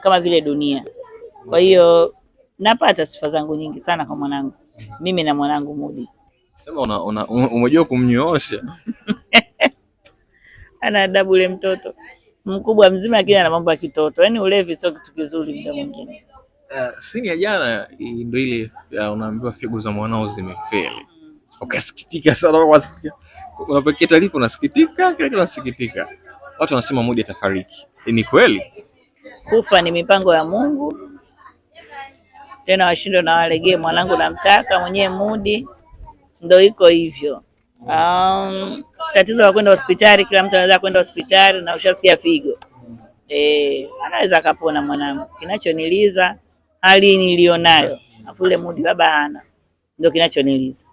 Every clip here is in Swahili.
kama vile dunia. Kwa hiyo napata sifa zangu nyingi sana kwa mwanangu, mimi na mwanangu Mudi. Sema una, una, um, umejua kumnyoosha ana adabu ule mtoto mkubwa mzima, lakini ana mambo ya kitoto. Yaani ulevi sio kitu kizuri muda mwingine. Uh, eh, sini ya jana ndio ile unaambiwa figo za mwanao zimefeli, mm. ukasikitika sana, unapeketa lipo, unasikitika kila kila unasikitika. Watu wanasema Mudi atafariki, ni kweli? Kufa ni mipango ya Mungu, tena washindo na walegee. Mwanangu namtaka mwenyewe, mudi ndo iko hivyo. Um, tatizo la kwenda hospitali, kila mtu anaweza kwenda hospitali na ushasikia figo e, anaweza akapona mwanangu. Kinachoniliza hali nilionayo, afu ile mudi baba ana ndio kinachoniliza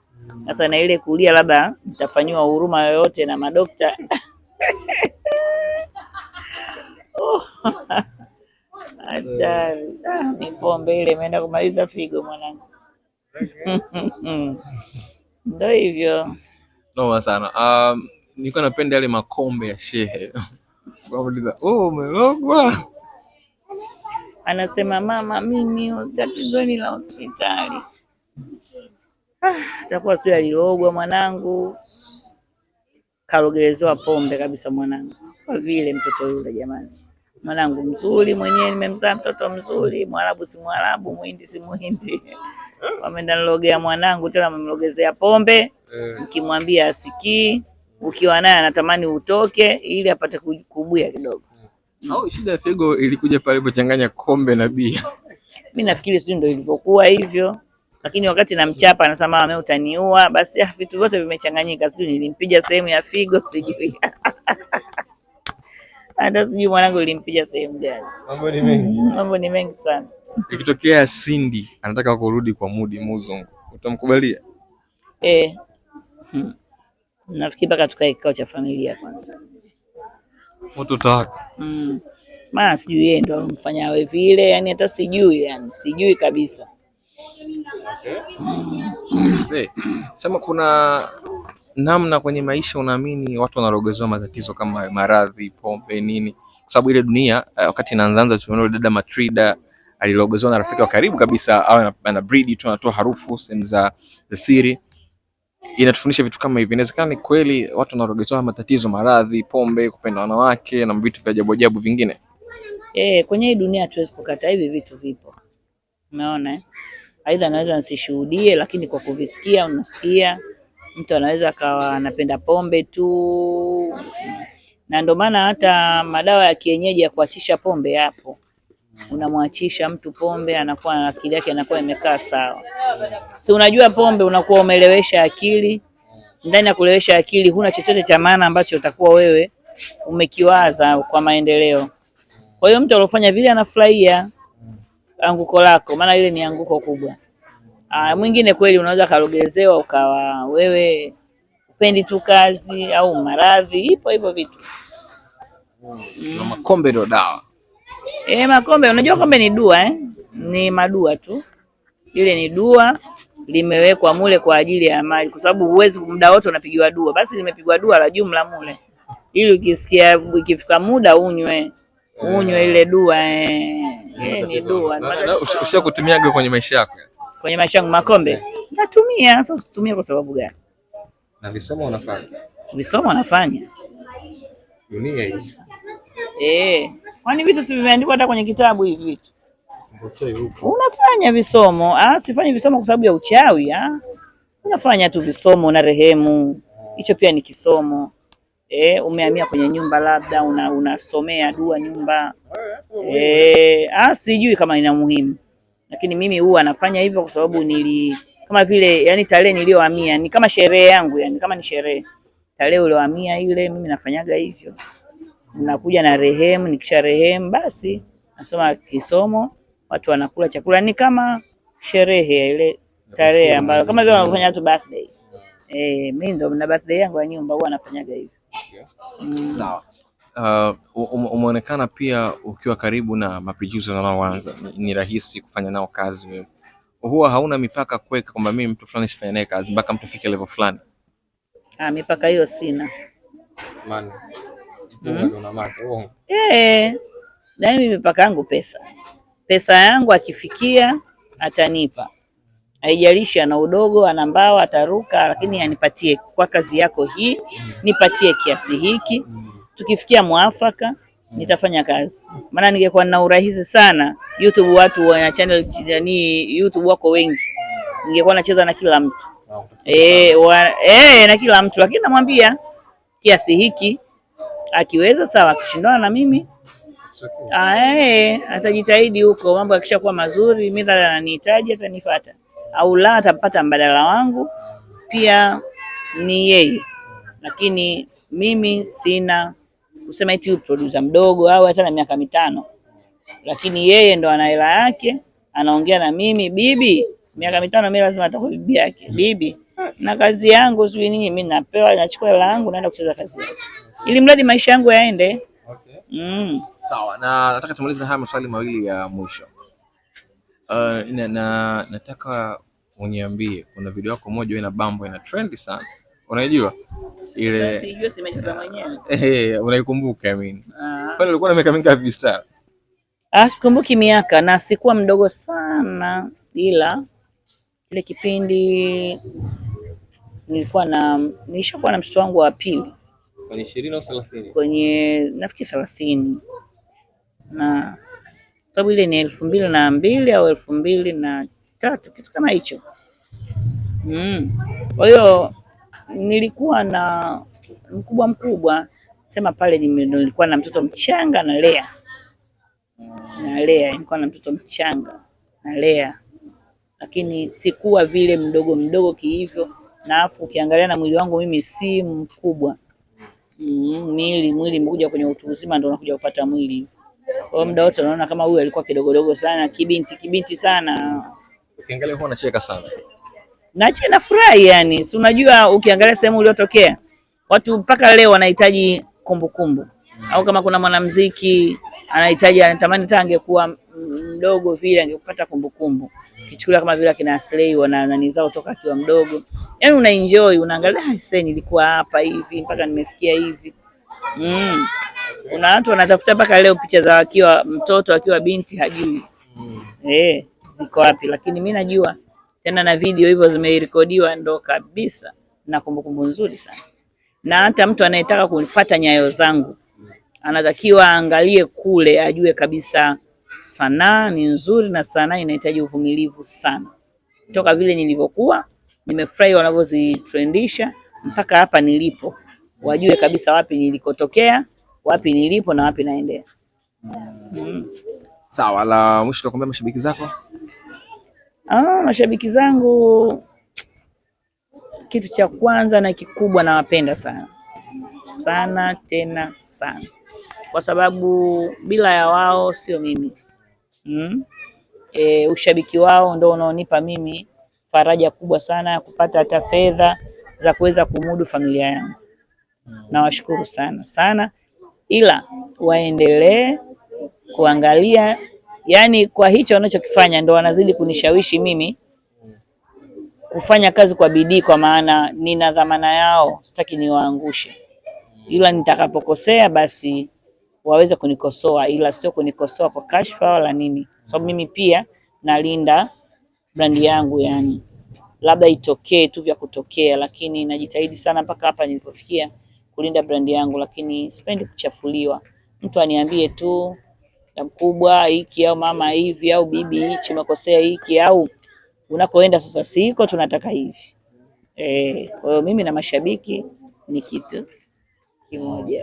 sasa, na ile kulia, labda nitafanyiwa huruma yoyote na madokta oh. Hatari. Ah, pombe ile imeenda kumaliza figo mwanangu. Ndo hivyo noma sana. Um, nilikuwa napenda yale makombe ya shehe oh, umelogwa anasema mama, mimi ni la hospitali ah, takuwa sio sijui alilogwa mwanangu, karogelezewa pombe kabisa mwanangu, kwa vile mtoto yule jamani mwanangu mzuri, mwenyewe nimemzaa mtoto mzuri, mwarabu si mwarabu, muhindi si muhindi. Wameenda nilogea mwanangu, tena wamemlogezea pombe, ukimwambia eh. asikii, ukiwa naye anatamani utoke ili apate kubuya kidogo. Mm. Au shida ya figo ilikuja pale ilipochanganya kombe na bia. Mimi nafikiri sijui ndio ilivyokuwa hivyo, lakini wakati namchapa anasema mama utaniua, basi ah, vitu vyote vimechanganyika, sijui nilimpiga sehemu ya figo, sijui hata sijui mwanangu ilimpiga sehemu gani. Mambo ni mengi, mm, mambo ni mengi sana. Ikitokea Cindy anataka kurudi kwa Mudi Muzungu, utamkubalia? Eh, hmm. Nafikiri mpaka tukae kikao cha familia kwanza. moto taka mm. Maana sijui yeye ndo alimfanya awe vile, yani hata sijui, yani sijui kabisa. Okay. Sema kuna namna kwenye maisha unaamini watu wanarogezewa matatizo kama maradhi, pombe, nini, kwa sababu ile dunia eh, wakati inaanzaanza, tumeona dada Matrida alirogezewa na rafiki wa karibu kabisa, au ana breed tu, anatoa harufu sehemu za siri. Inatufundisha vitu kama hivi. Inawezekana ni kweli watu wanarogezewa matatizo, maradhi, pombe, kupenda wanawake na vitu vya ajabu ajabu vingine. Eh, kwenye hii dunia hatuwezi kukataa, hivi vitu vipo, umeona eh? aidha naweza nisishuhudie, lakini kwa kuvisikia unasikia. Mtu anaweza akawa anapenda pombe tu, na ndio maana hata madawa ya kienyeji ya kuachisha pombe yapo. Unamwachisha mtu pombe, anakuwa akili yake anakuwa imekaa sawa. Si unajua pombe unakuwa umelewesha akili ndani ya kulewesha akili huna chochote cha maana ambacho utakuwa wewe umekiwaza kwa maendeleo. Kwa hiyo mtu aliofanya vile anafurahia anguko lako, maana ile ni anguko kubwa. Ah, mwingine kweli unaweza kalogezewa ukawa wewe upendi tu kazi au maradhi, ipo hivyo vitu mm. Makombe ndio dawa eh, makombe unajua kombe ni dua eh? Ni madua tu, ile ni dua limewekwa mule kwa ajili ya maji, kwa sababu huwezi muda wote unapigiwa dua. Basi limepigwa dua la jumla mule, ili ukisikia ikifika muda unywe unywe eh. ile dua eh. Ushia ni kutumiaga kwenye maisha yako? Kwenye maisha yangu makombe natumia. Sasa usitumia kwa sababu gani? Na visomo unafanya, visomo unafanya dunia hii eh, kwani vitu si vimeandikwa hata kwenye kitabu hivi vitu unafanya visomo? Ah, sifanyi visomo kwa sababu ya uchawi. Ah, unafanya tu visomo na rehemu, hicho pia ni kisomo eh, umehamia kwenye nyumba labda una, unasomea dua nyumba eh, ah, sijui kama ina muhimu, lakini mimi huwa nafanya hivyo kwa sababu nili kama vile yani tarehe niliyohamia ni kama sherehe yangu, yani kama ni sherehe tarehe uliohamia ile, mimi nafanyaga hivyo, nakuja na rehemu. Nikisha rehemu, basi nasoma kisomo, watu wanakula chakula, ni kama sherehe ile tarehe ambayo kama vile wanafanya watu birthday. Eh, mimi ndo na birthday yangu ya nyumba huwa nafanyaga hivyo. Sawa. Uh, um, um, umeonekana pia ukiwa karibu na maproducer wanaoanza, ni rahisi kufanya nao kazi wewe. Huwa hauna mipaka kuweka kwamba mimi mtu fulani sifanye naye kazi mpaka mtu fike level fulani? Ah, mipaka hiyo sina. Maana hmm? mm. Eh, na mimi mipaka yangu pesa, pesa yangu akifikia atanipa haijalishi ana udogo ana mbao ataruka, lakini anipatie kwa kazi yako hii, nipatie kiasi hiki, tukifikia mwafaka nitafanya kazi. Maana ningekuwa na urahisi sana YouTube, watu wana channel yani YouTube wako wengi, ningekuwa nacheza na kila mtu eh, e, na kila mtu, lakini namwambia kiasi hiki, akiweza sawa, akishindana na mimi ae, ah, eh, atajitahidi huko, mambo yakishakuwa mazuri, midhara ananihitaji atanifuata au la atapata mbadala wangu pia ni yeye, lakini mimi sina kusema eti producer mdogo au hata na miaka mitano, lakini yeye ndo ana hela yake, anaongea na mimi bibi, miaka mitano mimi lazima atakuwa bibi yake bibi, na kazi yangu sio nini, mimi napewa, nachukua hela yangu naenda kucheza kazi yake, ili mradi maisha yangu yaende. Okay. Mm. Sawa, na nataka tumalize haya maswali mawili ya mwisho. Uh, na, na nataka uniambie kuna video yako moja ina bambo ina trend sana, unaijua ile? Sijui, simecheza mwenyewe. Eh, unaikumbuka? I mean pale ah. ulikuwa na miaka mingi kabisa. Ah, sikumbuki miaka na sikuwa mdogo sana, ila ile kipindi nilikuwa na nilishakuwa na mtoto wangu wa pili kwenye 20 au 30 kwenye nafikiri 30 na sababu ile ni elfu mbili na mbili au elfu mbili na tatu kitu kama hicho mm. Kwa hiyo nilikuwa na mkubwa mkubwa sema pale, nilikuwa na mtoto mchanga na lea nilikuwa na mtoto mchanga na lea lakini sikuwa vile mdogo mdogo kihivyo, na afu ukiangalia na mwili wangu mimi si mkubwa mm, mwili mwili kwenye utu uzima, ndio unakuja kupata mwili kwa hiyo muda wote unaona kama huyu alikuwa kidogodogo sana, kibinti kibinti sana. Ukiangalia huwa anacheka sana. Nache furahi yani. Si unajua ukiangalia sehemu uliotokea watu mpaka leo wanahitaji kumbukumbu mm. Au kama kuna mwanamuziki anahitaji anatamani hata angekuwa mdogo vile angepata kumbukumbu mm. Kichukulia kama vile kina Slay wana nani zao toka akiwa mdogo, yaani unaenjoy, unaangalia, ah, nilikuwa hapa hivi mpaka nimefikia hivi mm. Kuna watu wanatafuta mpaka leo picha za wakiwa mtoto akiwa binti hajui mm. Eh, ziko wapi? Lakini mi najua tena na video hivyo zimerekodiwa, ndo kabisa na kumbukumbu nzuri sana. Na hata mtu anayetaka kufuata nyayo zangu anatakiwa aangalie kule, ajue kabisa sanaa ni nzuri na sanaa inahitaji uvumilivu sana. Toka vile nilivyokuwa nimefurahi wanavyozitrendisha mpaka hapa nilipo, wajue kabisa wapi nilikotokea wapi nilipo na wapi naendea. Mm. Sawa, la mwisho tukwambia mashabiki zako. Ah, mashabiki zangu, kitu cha kwanza na kikubwa, nawapenda sana sana tena sana, kwa sababu bila ya wao sio mimi. Mm. E, ushabiki wao ndo unaonipa mimi faraja kubwa sana ya kupata hata fedha za kuweza kumudu familia yangu. Nawashukuru sana sana ila waendelee kuangalia, yani kwa hicho wanachokifanya ndo wanazidi kunishawishi mimi kufanya kazi kwa bidii, kwa maana nina dhamana yao, sitaki niwaangushe, ila nitakapokosea basi waweze kunikosoa, ila sio kunikosoa kwa kashfa wala nini, kwa sababu mimi pia nalinda brandi yangu, yani labda itokee tu vya kutokea, lakini najitahidi sana mpaka hapa nilipofikia kulinda brandi yangu, lakini sipendi kuchafuliwa. Mtu aniambie tu mkubwa hiki au mama hivi au bibi hichi, umekosea hiki au unakoenda sasa siko, tunataka hivi. Eh, kwa hiyo mimi na mashabiki ni kitu kimoja.